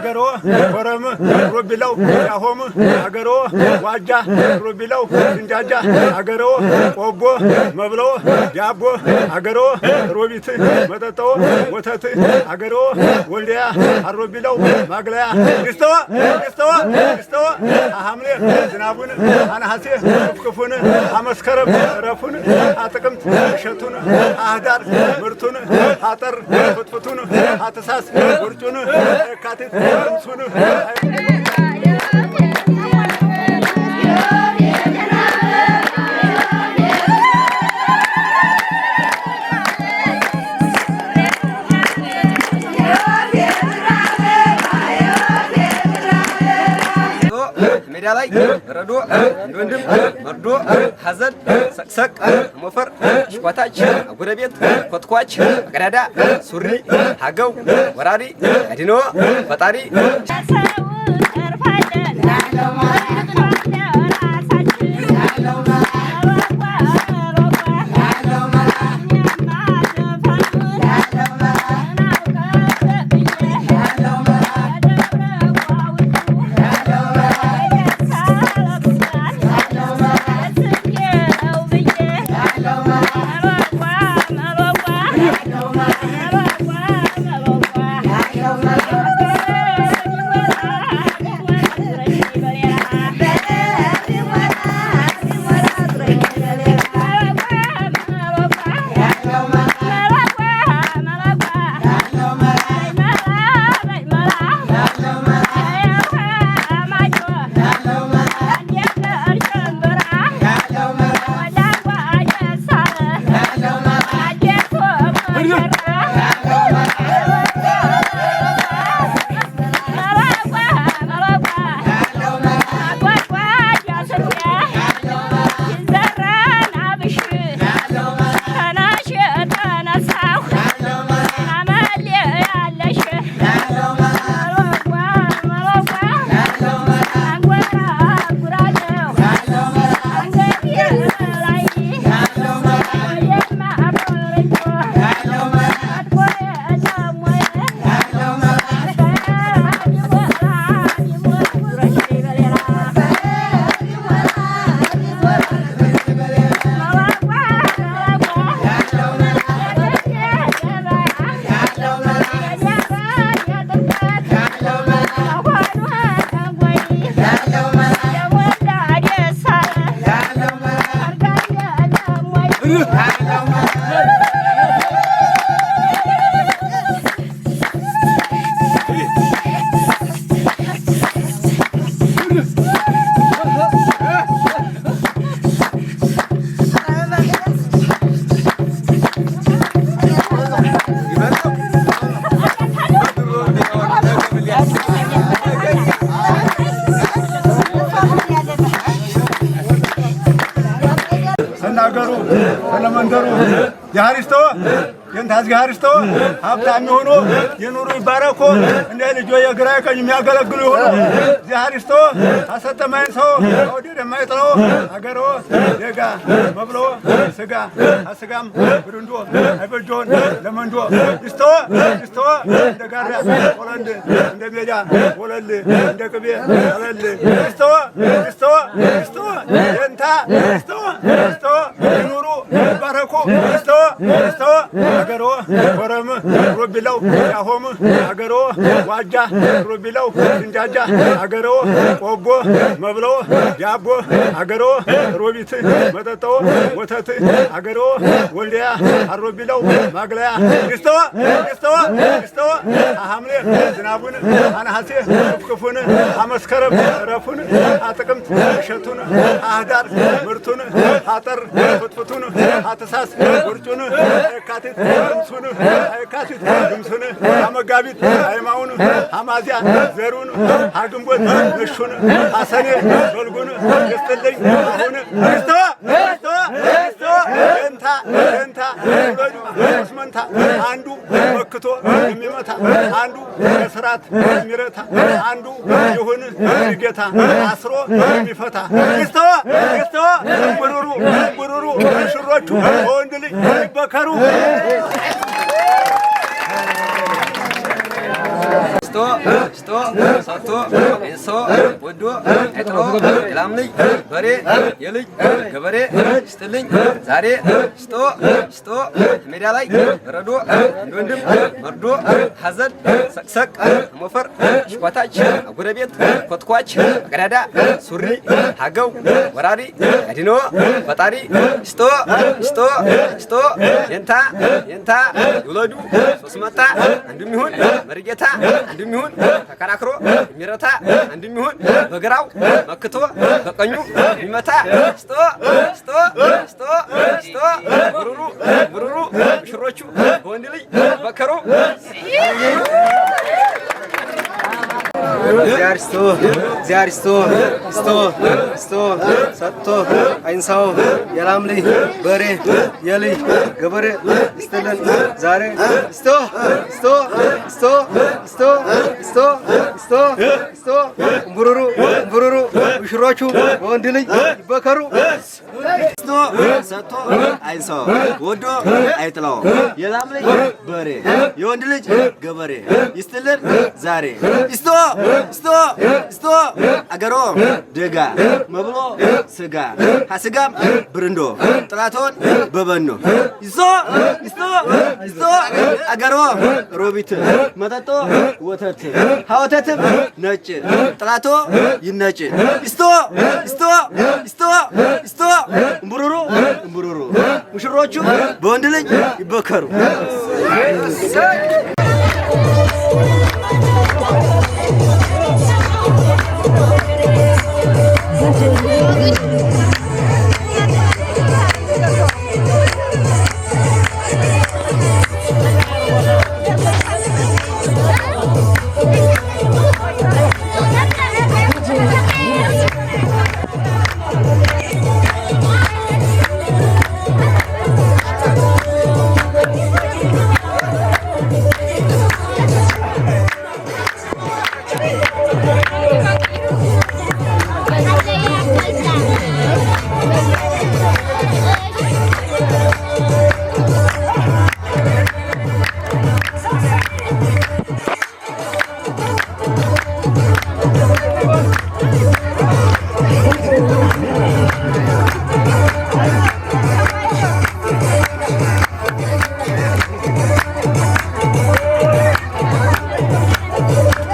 አገሮ ኮረም ሮቢለው ያሆም አገሮ ዋጃ ሮቢለው እንጃጃ አገሮ ቆቦ መብሎ ዳቦ አገሮ ሮቢት መጠጠው ወተት አገሮ ወልዲያ አሮቢለው ማግለያ ግስተወ ግስተወ ግስተወ ሐምሌ ዝናቡን አናሐሴ ክፉን አመስከረም ረፉን አጥቅምት እሸቱን አህዳር ምርቱን አጠር ፍጥፍቱን አተሳስ ውርጩን የካቲት He? He? ሜዳ ላይ ረዶ፣ ወንድም መርዶ፣ ሐዘን፣ ሰቅሰቅ፣ ሞፈር፣ ሽኳታች፣ ቤት ኮትኳች፣ አቅዳዳ፣ ሱሪ፣ ሀገው፣ ወራሪ፣ አዲኖ፣ ፈጣሪ ጋሪስቶ የንታዝ ጋሪስቶ ሀብታም ይሆኑ የኑሩ ይባረኩ። እንደ ልጆ የግራ ቀኝ የሚያገለግሉ ይሆኑ ያርስተው አሰተማይን ሰው ወዲድ የማይጥለው አገሮ ደጋ መብሎ ስጋ አስጋም ብሩንዶ አይበጆን ለመንዶ ስቶ ስቶ እንደ ጋራ ወለል እንደ ሜዳ ወለል እንደ ቅቤ ወለል ስቶ ስቶ ስቶ የንታ ስቶ ስቶ አኩ ደስቶ ደስቶ ነገሮ ኮረም ሮቢለው ያሆም አገሮ ዋጃ ሮቢለው እንጃጃ አገሮ ቆቦ መብሎ ያቦ አገሮ ሮቢት መጠጠው ወተት አገሮ ወልዲያ አሮቢለው ማግለያ ግስተወ ግስተወ ግስተወ ሐምሌ ዝናቡን አናሐሴ ክፉን አመስከረም ረፉን አጥቅምት እሸቱን አህዳር ምርቱን አጠር ፍትፍቱን አተሳስ ውርጩን የካቲት ምሱን የካቲት ግምሱን አመጋቢት አይማውን አማዚያ ዘሩን አግንቦት እሹን አሰኔ ዶልጉን ይስጥልኝ። አሁን ይስተዋ ይስተዋ አንዱ መክቶ የሚመታ አንዱ ስራት የሚረታ አንዱ ይሁን ጌታ አስሮ የሚፈታ ይስተዋ ይስተዋ ጉሩሩ ጉሩሩ ሽሮቹ ወንድ ልጅ ይበከሩ ገዝቶ ሽጦ ሰቶ ቤሶ ወዶ ጠጥሮ የላም በሬ የልጅ ገበሬ ሽጥልኝ ዛሬ ሽጦ ሽጦ ሜዳ ላይ በረዶ እንደ ወንድም መርዶ ሐዘን ሰቅሰቅ ሞፈር ሽኳታች ጎረቤት ኮትኳች ቀዳዳ ሱሪ ሀገው ወራሪ አዲኖ ፈጣሪ ሽጦ ሽጦ ሽጦ የንታ የንታ ይውለዱ ሶስት መጣ አንዱም ይሁን መርጌታ። አንድም ይሁን ተከራክሮ የሚረታ አንድም ይሁን በግራው መክቶ በቀኙ የሚመታ ስቶ ስቶ ስቶ ስቶ ብሩሩ ብሩሩ ሽሮቹ በወንድ ልጅ በከሩ እግዚአብሔር ስቶ እግዚአብሔር ስቶ ስቶ ስቶ ሰጥቶ አይንሳው የላም ልጅ በሬ የልጅ ገበሬ ስትልን ዛሬ ስቶ ስቶ ስቶ ስቶ ስቶ ስቶ ስቶ ብሩሩ እምቡሩሩ ሙሽሮቹ በወንድ ልጅ ይበከሩ ስቶ ሰጥቶ አይንሳው ወዶ አይጥላው የላም ልጅ በሬ የወንድ ልጅ ገበሬ ይስትልን ዛሬ ስቶ ስቶ ስቶ አገሮ ደጋ መብሎ ስጋ ሀስጋም ብርንዶ ጥራቶን በበኖ ይዞ አገሮ ሮቢት መጠጦ ወተት ሀወተትም ነጭ ጥራቶ ይነጭ ይስቶ ሙሽሮቹ በወንድ ልጅ ይበከሩ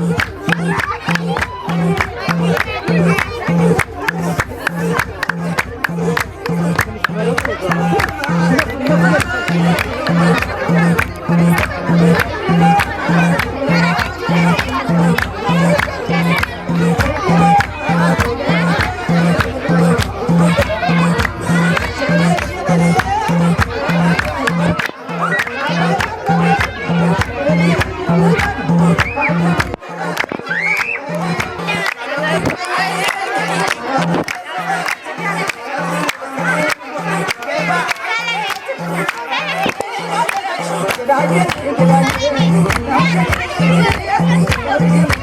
Yeah. Thank you.